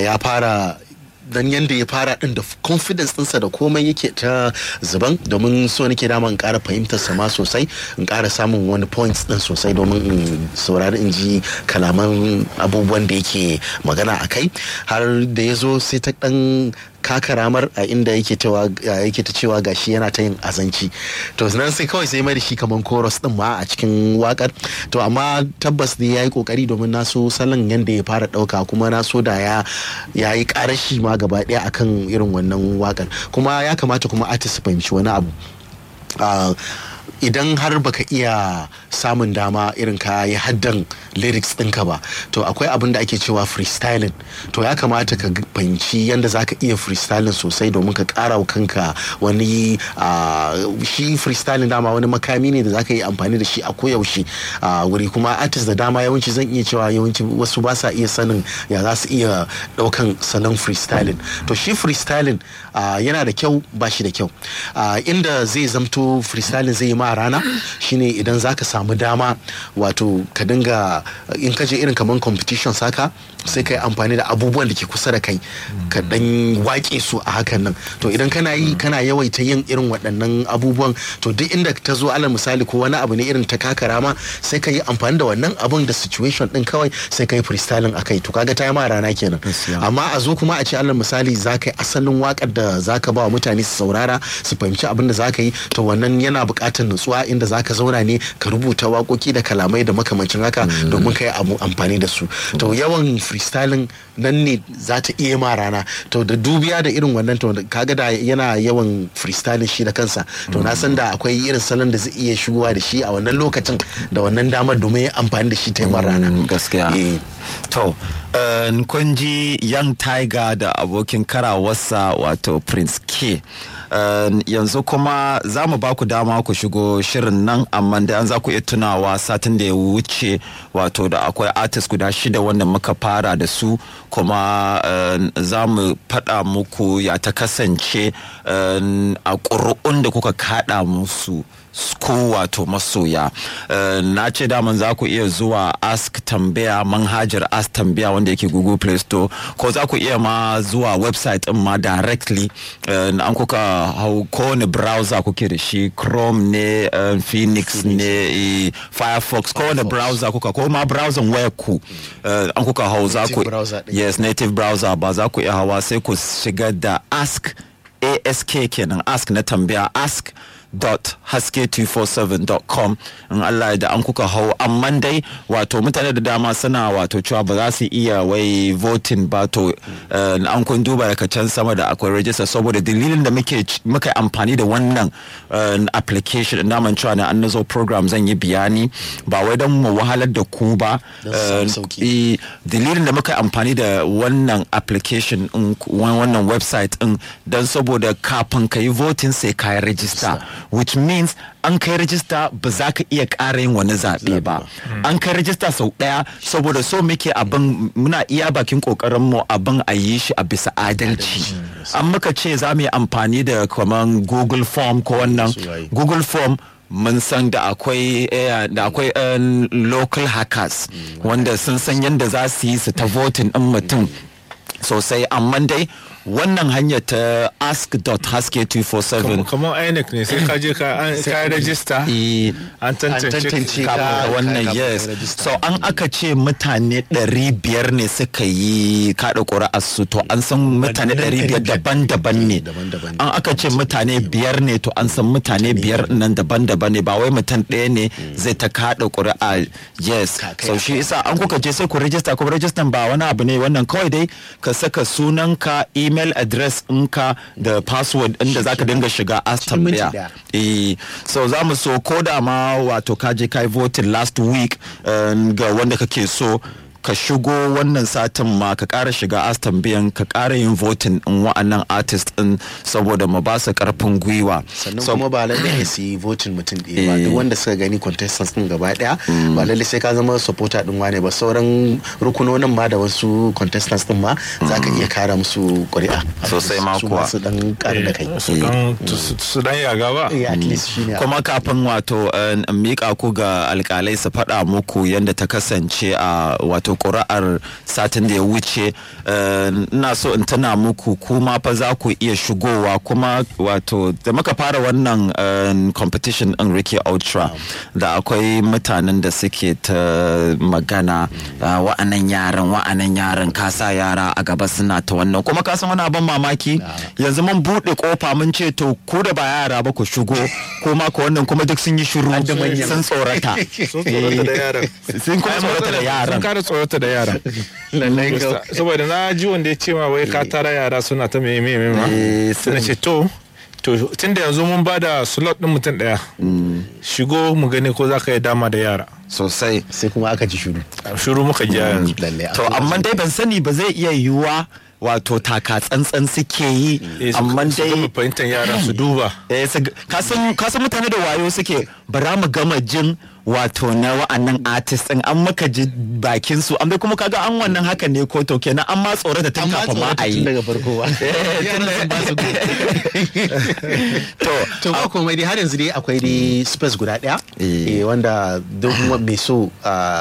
ya fara dan yanda ya fara din da confidence ɗinsa da komai yake ta zuban domin so nake dama in ƙara fahimtar sama sosai in ƙara samun wani points din sosai domin in saurari in ji kalaman abubuwan da yake magana a kai har da ya zo sai ta ɗan kakaramar a inda yake ta cewa gashi yana ta yin azanci to nan sai kawai sai mai shi kamar chorus din ma a cikin wakar to amma tabbas ne ya yi kokari domin na so salon yadda ya fara dauka kuma na so da ya yayi karashi ma gaba daya akan irin wannan wakar kuma ya kamata kuma artist fahimci wani abu ah, idan har baka iya samun dama irin ka yi haddan lyrics ɗinka ba to akwai abin da ake cewa freestyling to ya kamata ka fahimci yadda zaka iya freestyling sosai domin ka ƙara wa kanka wani shi freestyling dama wani makami ne da zaka yi amfani da shi a koyaushe wuri kuma artist da dama yawanci zan iya cewa yawanci wasu ba sa iya sanin ya za su iya ɗaukan salon freestyling to shi freestyling yana da kyau ba shi da kyau inda zai zamto freestyling zai yi ma a rana shine idan za ka samu dama wato ka dinga in kaje irin kamar competition saka sai ka yi amfani da abubuwan da ke kusa da kai ka dan wake su a hakan nan to idan kana yi kana yawaita yin irin waɗannan abubuwan to duk inda ta zo alal misali ko wani abu ne irin ta kakara ma sai ka yi amfani da wannan abun da situation din kawai sai ka yi freestyling a kai to kaga ta yi ma rana kenan amma a zo kuma a ce alal misali za ka yi asalin wakar da za ka ba wa mutane su saurara su fahimci abin da za ka yi to wannan yana buƙatar rantsuwa inda zaka zauna ne ka rubuta waƙoƙi da kalamai da makamancin haka mm. domin kai abu amfani da su to mm. yawan freestyling nan ne za ta iya ma rana to da dubiya da irin wannan to kaga da yana yawan freestyling shi da kansa to na san da mm. akwai irin salon da zai iya shigowa da shi a wannan lokacin da wannan damar domin amfani da shi ta rana gaskiya eh. to eh, nkwanji young tiger da abokin karawarsa wato prince k Eh, yanzu kuma za mu ba ku dama ku shigo shirin nan amma da an za ku iya tunawa satin da ya wuce wato da akwai artist guda shida wanda muka fara da su kuma eh, za mu faɗa muku ya ta kasance eh, a ƙuri'un da kuka kaɗa musu. ko wato masoya eh, na ce daman za ku iya zuwa ask tambaya manhajar ask tambaya wanda yake google play store ko za ku iya ma zuwa website din ma directly eh, an kuka hau kowane browser kuke da shi chrome ne eh, phoenix ne firefox kowane browser kuka ko ma browser waya ku an kuka hau za ku yes native browser ba za ku iya hawa sai ku shiga da ask ask kenan ask na tambaya ask www.haske247.com in Allah da an kuka hau amma dai wato mutane da dama suna wato cewa ba za su iya wai voting ba to eh, an kun duba daga can sama da akwai rajista saboda dalilin da muke amfani da wannan eh, application na man cewa na an nazo program zan yi bayani ba wai don mu wahalar da ku ba eh, dalilin da muka amfani da wannan application wannan website din don saboda kafin ka yi voting sai ka yi rajista which means an kai rajista ba za ka iya ƙara yin wani zaɓe ba hmm. an kai rajista sau ɗaya saboda so muke abin muna iya bakin ƙoƙarin mu abin a yi shi a bisa adalci hmm, an muka ce za mu yi amfani da kamar google form ko wannan google form mun san da akwai eh, da akwai eh, local hackers hmm, wanda sun san yadda za su yi su ta voting din mutum sosai amma dai wannan hanyar ta ask.haske247 kamar inec ne sai ka je ka rajista e, an tantance ka wannan yes so an aka ce mutane 500 ne suka yi kada ƙuri'ar su to an san mutane 500 daban-daban ne an aka ce mutane biyar ne to an san mutane biyar nan daban-daban ne ba wai mutum ɗaya ne hmm. zai ta kada ƙuri'a yes so shi isa an kuka je sai ku rajista kuma rajistan ba wani abu ne wannan kawai dai ka saka sunanka i. email address ɗinka da password ɗin da zaka dinga shiga astam daya eh so za mu so ko da ma wato ka je kai voting last week eh, ga wanda kake so ka shigo wannan satin ma ka ƙara shiga aston biyan ka ƙara yin votin in wa'annan artist din saboda mu ba su karfin gwiwa sannan kuma ba lalle su yi votin mutum ɗaya ba duk eh. wanda suka gani contestants din gaba daya mm. ba lalle sai ka zama supporter din wane ba sauran rukunonin ma da wasu contestants din ma za ka iya mm. kara musu ƙuri'a sosai ma kuwa su dan ƙara da kai eh, su dan mm. yaga ba eh, kuma kafin wato mika ku ga alƙalai su faɗa muku yadda ta kasance a wato wato ƙuri'ar satin da ya wuce eh, ina so in tana muku kuma fa za ku iya shigowa kuma wato da muka fara wannan eh, competition in Ricky Ultra da akwai mutanen da suke ta magana eh, wa'anan yaran wa'anan yaran kasa yara a gaba suna ta wannan kuma san wani abin mamaki yanzu mun buɗe kofa mun ce to ko da ba yara ba ku shigo ko ma ko wannan kuma duk sun yi shiru sun tsorata sun kuma tsorata da yaran wata da yara saboda na ji wanda ya ce ma wai ka tara yara suna ta mai mai mai ma eh, na ce to to tun da yanzu mun bada slot din mutum daya mm. shigo mu gani ko zaka yi dama da yara sosai sai kuma aka ji shuru shuru muka ji mm, yanzu to amma dai ban sani ba zai iya yiwuwa wato taka tsantsan suke yi eh, amma dai su fahimtar yara su duba eh, kasan mutane da wayo suke bara mu gama jin wato na wa'annan artist din an maka ji bakin su amma kuma kaga an wannan haka ne ko to kenan an ma tsoro da tun kafin ma a yi daga farko eh, to to ba komai dai har yanzu dai akwai dai space guda daya eh. eh wanda duk mai so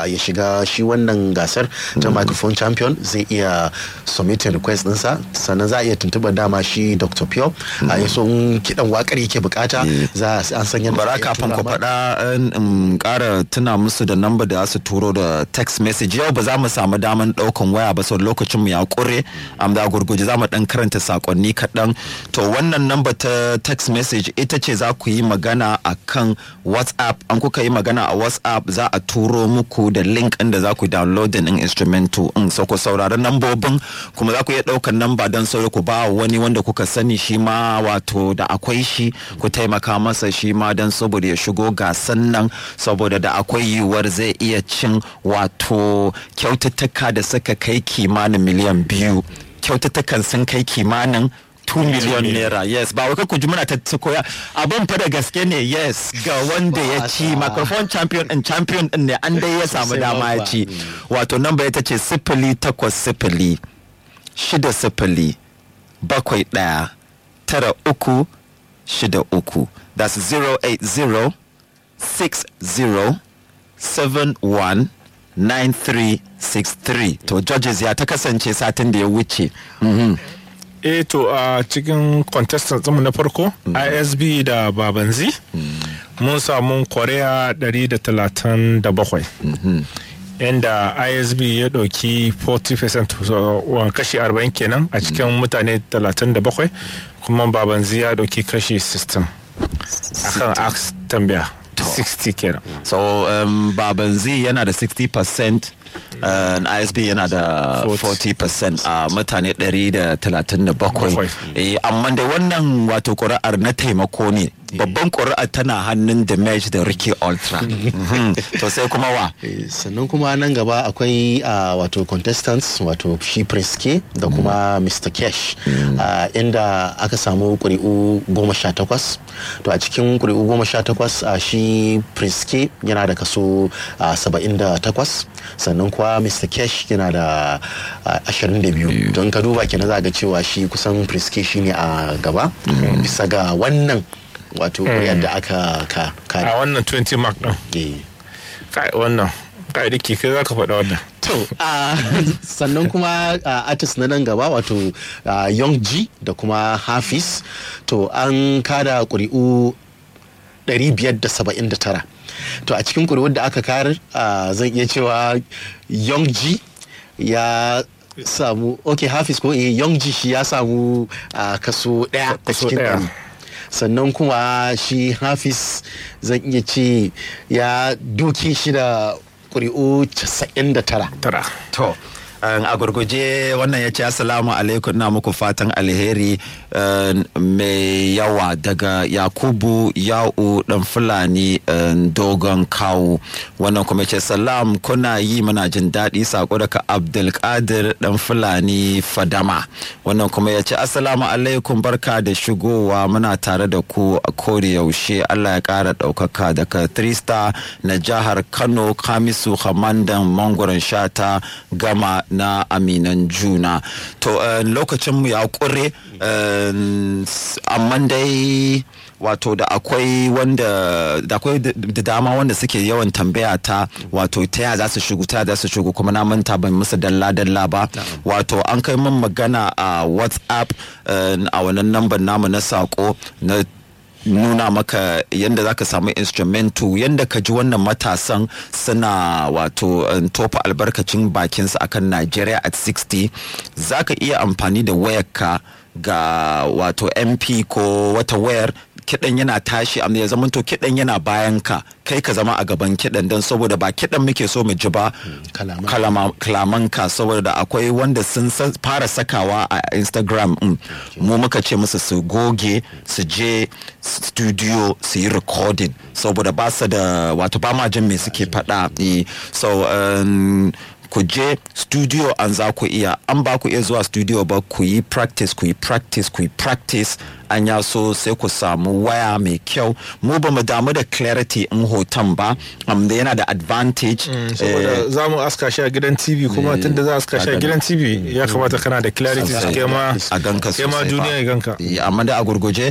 ya shiga shi wannan gasar ta mm. microphone champion zai iya submit request sa sannan za a iya tuntuba dama shi Dr. Pio mm. a yaso kidan wakar yake bukata eh. za a sanya baraka fan kwafa faɗa ƙara tuna musu da namba da su turo da text message yau ba za mu samu daman ɗaukan waya ba sau lokacin mu ya ƙure am da gurguje za mu ɗan karanta sakonni kaɗan to wannan namba ta text message ita ce za ku yi magana a kan whatsapp an kuka yi magana a whatsapp za a turo muku da link ɗin da za ku downloading ɗin instrumental in so ku saurari nambobin kuma za ku iya ɗaukan namba don sauri ku ba wani wanda kuka sani shi ma wato da akwai shi ku taimaka masa shi ma don saboda ya shigo gasan nan saboda da akwai yiwuwar zai iya cin wato kyaututtuka da suka kai kimanin miliyan biyu kyaututtukan sun kai kimanin 2 miliyon naira yes ba wai ku ji muna ta koya abin fa da gaske ne yes ga wanda ya ci microphone champion in champion din ne an dai ya samu dama ya ci wato number ta ce sifili takwas sifili shida sifili bakwai ɗaya tara uku shida uku that's 9363 to judges ya ta kasance satin da ya wuce mm-hmm. eh to a cikin contestant mu na farko mm. isb da babanzi mm. mun samu korea 137 inda isb ya ɗauki 40% kashi 40 kenan a cikin mm. mutane 37 kuma babanzi ya ɗauki kashi 60 akan ax tambaya to 60 kenan so um, baban z yana da 60 percent uh, isb yana da 40 percent a uh, mutane 137 eh, amma da wannan wato ƙuri'ar na taimako ne Eh. babban ƙuri'a tana hannun da match da ricky ultra mhm. to sai kuma wa eh, sannan kuma nan gaba akwai ah, wato contestants wato shi prince da mm. kuma mr cash mm. ah, inda aka samu ƙuri'u goma sha takwas to a cikin ƙuri'u goma sha takwas ah, shi prince yana da kaso saba'in da takwas sannan kuwa mr cash yana da ashirin da biyu don ka duba kenan za ga cewa shi kusan prince shine a gaba mm. bisa ga wannan wato ƙuri'ar hmm. da aka ka a wannan 20 mark ɗin eh. kai wannan kai da kai za ka faɗa wannan sannan kuma artist na nan gaba wato young g da kuma hafiz to an kada ƙuri'u 579 to a cikin ƙuri'un da aka kar zan iya cewa young g ya samu ok hafiz ko eh young g shi ya samu kaso ɗaya a cikin sannan kuma shi hafiz zan iya ce ya duki shi da ƙuri'u 99 to a gurguje wannan ya ce assalamu alaikum na muku fatan alheri mai yawa daga yakubu ya'u dan fulani dogon kawu wannan kuma ce salam kuna yi mana jin daɗi sako daga abdulkadir dan fulani fadama wannan kuma ya ce assalamu alaikum barka da shigowa muna tare da ku a kori yaushe allah ya ƙara ɗaukaka daga trista na jihar kano kamisu hamandan mangoron shata gama na aminan juna to eh, lokacin mu ya ƙure eh, amma dai wato da akwai wanda da akwai da dama wanda suke yawan tambaya ta wato ta ya za su shigo ta za su shigo kuma na manta ban musu dalla dalla ba wato an kai min magana a whatsapp eh, a wannan namban namu na sako na nuna maka yadda za ka samu instrumentu yadda ka ji wannan matasan suna wato eh, tofa albarkacin bakinsa akan Nigeria at 60 za ka iya amfani da wayarka ga wato mp ko wata wayar kiɗan yana tashi amma ya zama to kiɗan yana bayan ka kai ka zama a gaban kiɗan don saboda ba kiɗan muke so mu ji ba mm, kalaman ka saboda akwai wanda sun fara sakawa a instagram mm. mu muka ce musu su goge su je studio su yi recording saboda ba su da wato ba jin me suke faɗa e, so um, ku je studio an za ku iya an ba ku iya zuwa studio ba ku yi practice ku yi practice ku yi practice an ya so sai ku samu waya mai kyau mu ba mu damu da clarity in hoton ba amma um, yana da advantage mm, eh, za mu aska shi a gidan tv kuma eh, tunda za a aska shi a gidan tv ya kamata kana da clarity su ke ma a ganka su ma duniya ya ganka eh, amma da a gurguje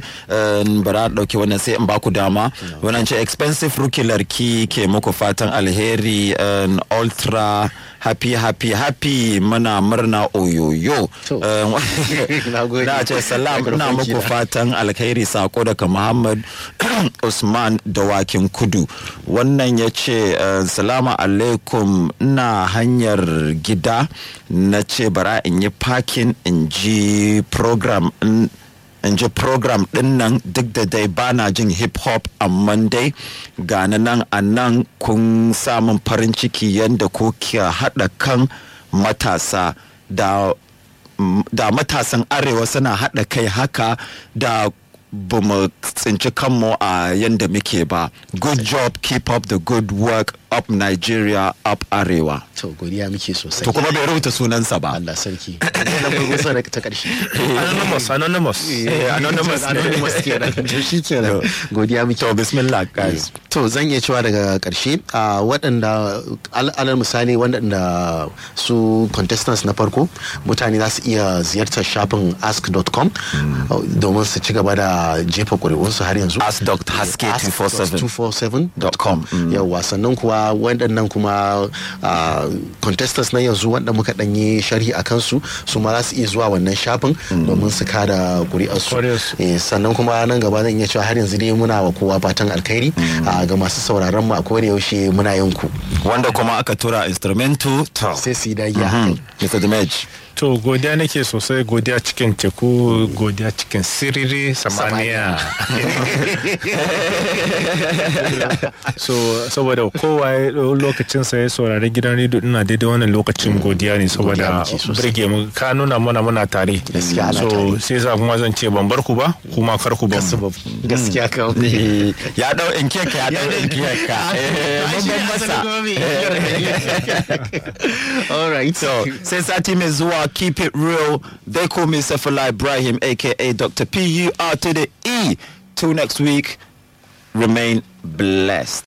bara dauke wannan sai in ba ku dama wannan ce expensive rookie larki ke muku fatan alheri ultra happy happy happy muna murna oyoyo na ce salam na muku fatan fatan alkhairi sako daga muhammad usman dawakin kudu wannan ya ce eh, salamu alaikum ina hanyar gida na ce bara in yi parking in ji program in ji program din nan duk da dai bana jin hip hop amma dai gane nan a nan kun samun farin ciki yadda ko ke haɗa kan matasa da da matasan arewa suna haɗa kai haka da ba mu tsinci kanmu a yadda muke ba good job keep up the good work up Nigeria up Arewa. To godiya muke sosai. To kuma bai rubuta sunansa ba. Allah sarki. Anonymous anonymous. Eh, eh, anonymous anonymous kenan. To shi kenan. Godiya muke. To bismillah eh, guys. To zan iya cewa daga karshe a ah, waɗanda alal misali waɗanda su contestants na farko mutane za su iya ziyartar shafin ask.com hmm. oh, domin su ci gaba da jefa ƙuri'unsu har yanzu. ask.haske247.com. Hmm. Yawwa sannan kuwa cewa waɗannan kuma contestants na yanzu wanda muka ɗanyi sharhi a kansu su ma za su iya zuwa wannan shafin hmm. domin su kada su eh, sannan kuma nan gaba zan iya cewa har yanzu dai muna wa kowa fatan alkhairi hmm. ga masu sauraron mu a kowane yaushe muna yanku. ku wanda kuma aka tura instrumento sai su yi dagiya Mr. Hmm. to godiya nake sosai godiya cikin teku godiya cikin siriri samaniya so saboda kowa lokacin sa ya saurari gidan rediyo ina daidai wannan lokacin godiya ne saboda birge mu ka nuna mana muna tare so sai sa kuma zan ce ban bar ku ba kuma kar ku gaskiya mm. ka eh, ya dau in keka ya dau in keka eh, mun ban eh. all right so sai sati mai zuwa keep it real. They call me Sefala Ibrahim, aka Dr. P U R to the E. Till next week, remain blessed.